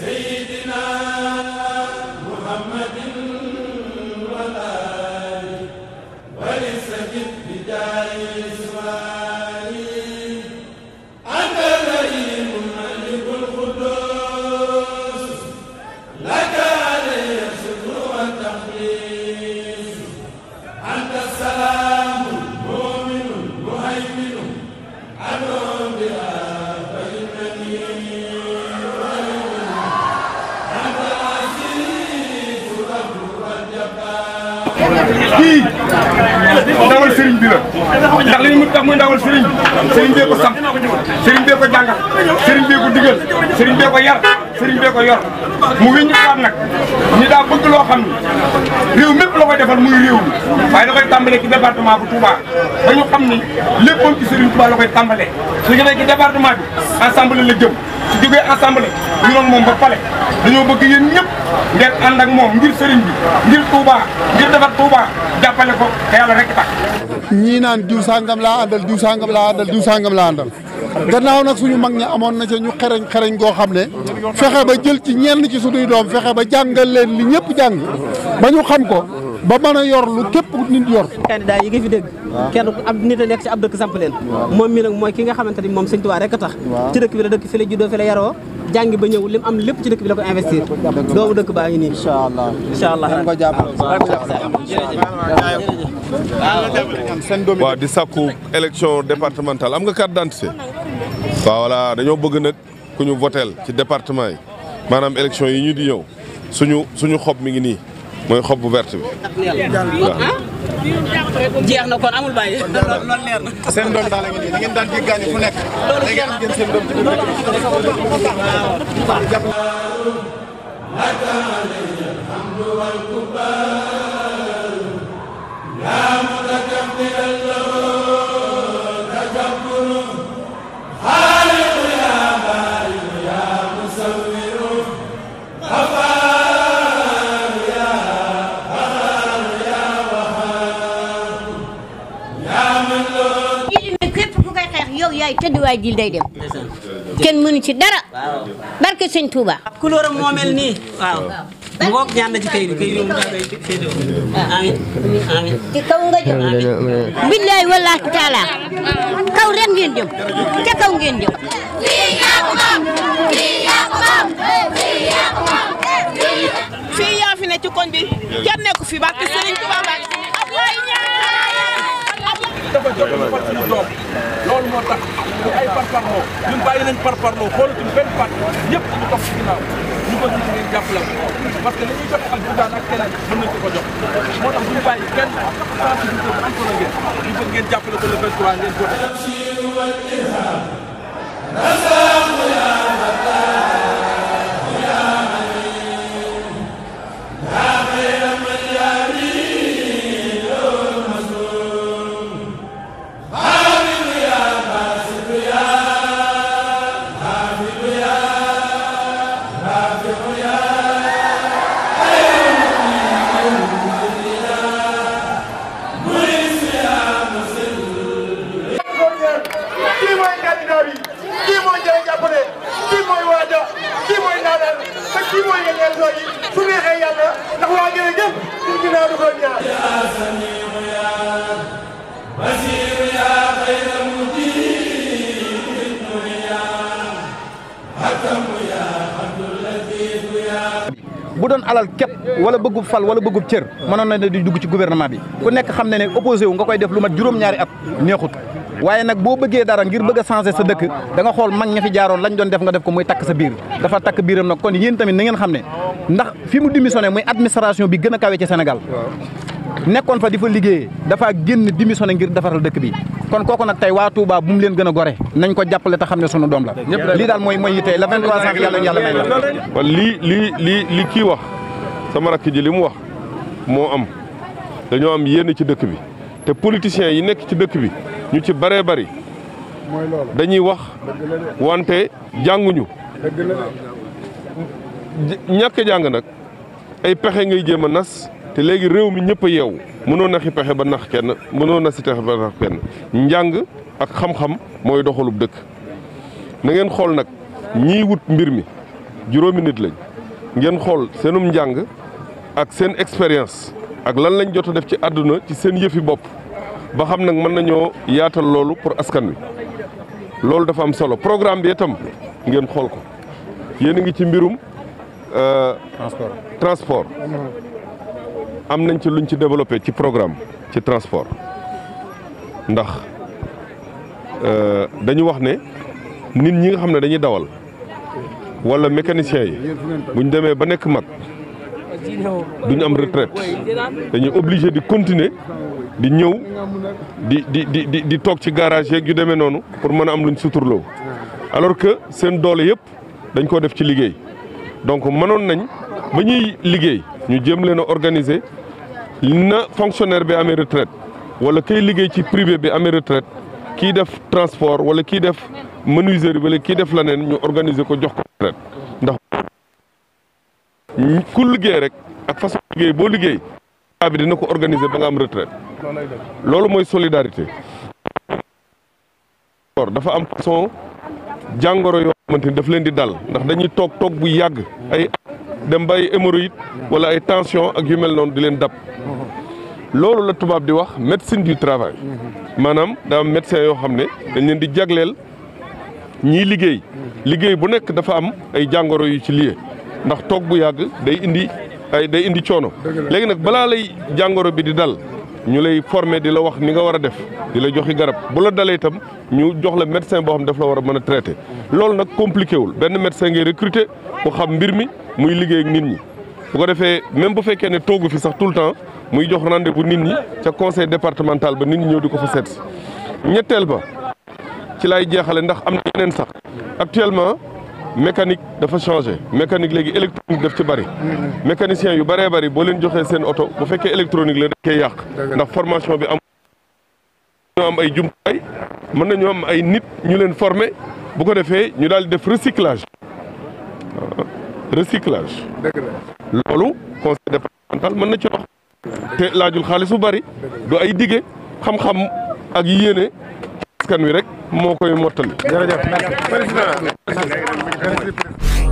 Hey kii ndawal sëriñ bi la ndax li mu tax muy ndawal sëriñ sëriñ bee ko samp sëriñ bee ko jàngal sëriñ bee ko digal sëriñ bee ko yar sëriñ bee ko yor mu wéññi waat nag ñi daa bëgg loo xam ni réew mépp la koy defal muy réew mi waaye da koy tàmbalee ci département bu Touba ba ñu xam ni léppam ci sëriñ Touba la koy tàmbalee li nga nekk département bi ensemble la jëm su jógee ensemble ñu doon moom ba pale dañoo bëgg yéen ñëpp ngeen ànd ak moom ngir sëriñ bi ngir Touba ngir defar Touba jàppale ko te yàlla rek tax. ñii naan diw sangam laa àndal diw sangam laa àndal diw sangam laa àndal gannaaw nag suñu mag ñi amoon na ca ñu xereñ xereñ goo xam ne fexe ba jël ci ñenn ci suñuy doom fexe ba jàngal leen li ñëpp jàng ba ñu xam ko. ba mën yor lu képp nit yor candidat yi nga fi dégg kenn ab nit a nekk ci ab dëkk samp leen moom mi nag mooy ki nga xamante ni moom sëñ Tuubaa rek a tax ci dëkk bi la dëkk fi la juddoo fi la yaroo jàngi ba ñëw lim am lépp ci dëkk bi la ko investir doomu dëkk baa ngi nii incha allah incha allah ko jàpp waaw di saku élection départementale am nga carte d'identité waaw voilà dañoo bëgg nag ku ñu votel ci département yi maanaam élection yi ñu di ñëw suñu suñu xob mi ngi nii mooy xob bu verte bi. waaw. jeex na kon amul bàyyi. loolu leer na. seen doom daal la ngeen di da ngeen daan jéggaani fu nekk. loolu leer na da ngeen seen doom ci biir dëkk bi. tëdd waay dil dem kenn mënu ci dara barke sëñ Touba da ngay féete amin amin ci kaw nga wallahi taala kaw ren ngeen jëm ca kaw ngeen jëm fii fii yaa ko moom fii ne ci fi ba parparloo ñun bàyyi nañ parparloo xoolatuñ benn parti ñëpp ñu topp ci ginnaaw ñu ko gis ngeen jàppale parce que li ñuy joxe ak Bougane ak keneen mën nañ ko ko jox moo tax duñu bàyyi kenn sensibilité bu am solo ngeen ñu bëgg ngeen jàppale ko le 23 ngeen joxe jëf ñu ginnaaw du ko ñaar yaa samiu yaa basiir yaa xayra mujiib yaa hakamu yaa abdul latif bu doon alal képp wala bëggub fal wala bëggub cër mënoon na ne di dugg ci gouvernement bi ku nekk xam ne ne opposé wu nga koy def lu mat juróom-ñaari at neexut waaye nag boo bëggee dara ngir bëgg a sa dëkk da xool mag ña fi jaaroon lañ doon def nga def ko muy takk sa biir dafa takk biiram nag kon yéen tamit na ngeen xam ne ndax fi mu démissionné muy administration bi gën a kawe ci Sénégal nekkoon fa di fa liggéeyee dafaa génn démissionné ngir defaral dëkk bi kon kooku nag tey waa Touba bu leen gën a gore nañ ko jàppale te xam ne sunu doom la lii daal mooy mooy yitte la 23 sax yàlla yàlla may lii lii lii li wax sama rakk ji li mu wax moo am dañoo am ci dëkk bi te politiciens yi nekk ci dëkk bi ñu ci bëree bëri dañuy wax wante jànguñu ñàkk jàng nag ay pexe ngay jéem a nas te léegi réew mi ñëpp a yeewu mënoo naxi pexe ba nax kenn mënoo nasi pexe ba nax kenn njàng ak xam-xam mooy doxalub dëkk na ngeen xool nag ñiy wut mbir mi juróomi nit lañ ngeen xool seenum njàng ak seen expérience ak lan lañ jot a def ci àdduna ci seen yëfi bopp ba xam nag mën nañoo yaatal loolu pour askan wi loolu dafa am solo programme bi itam ngeen xool ko yéen a ngi ci mbirum. Euh, transport transport. am nañ ci luñ ci développé ci programme ci transport ndax euh, dañu wax ne nit ñi nga xam ne dañuy dawal wala mécanicien yi buñ demee ba nekk mag. duñu am retraite dañu obligé di continuer di ñëw di di di di di toog ci garage yeeg yu demee noonu pour mën a am luñ suturloo alors que seen doole yëpp dañ koo def ci liggéey donc mënoon nañ ba ñuy liggéey ñu jëm leen a organiser na fonctionnaire bi amee retraite wala kay liggéey ci privé bi amee retraite kiy def transport wala kii def menuiserie wala kii def leneen ñu organiser ko jox ko retraite ku liggéey rek ak façon liggéey boo liggéey état dina ko organiser ba nga am retraite loolu mooy solidarité dafa am façon jàngoro yoo xamante daf leen di dal ndax dañuy toog toog bu yàgg ay dem ba ay hémorroïde wala ay tension ak yu mel noonu di leen dab loolu la tubaab di wax médecine du travail maanaam daa am médecin yoo xam ne dañ leen di jagleel ñiy liggéey liggéey bu nekk dafa am ay jàngoro yu ci lié ndax toog bu yàgg day indi ay day indi coono. léegi nag balaa lay jàngoro bi di dal ñu lay former di la wax ni nga war a def di la joxi garab bu la dalee itam ñu jox la médecin boo xam daf la war a mën a traité. loolu nag compliqué wul benn médecin ngay recruter ku xam mbir mi muy liggéey ak nit ñi. bu ko defee même bu fekkee ne toogu fi sax tout le temps muy jox rendez bu nit ñi ca conseil départemental ba nit ñi ñëw di ko fa seet ñetteel ba ci lay jeexale ndax am na yeneen sax actuellement. mécanique dafa changé mécanique léegi électronique def ci bari mécanicien yu bëree bari boo leen joxee seen oto bu fekkee électronique la dañ koy yàq ndax formation bi am ñoo am ay jumtuwaay mën nañu am ay nit ñu leen former bu ko defee ñu daal di def recyclage recyclage loolu conseil départemental mën na ci wax te laajul xaalis bu bëri du ay dige xam-xam ak yéene askan wi rek moo koy mottali jërëjëf président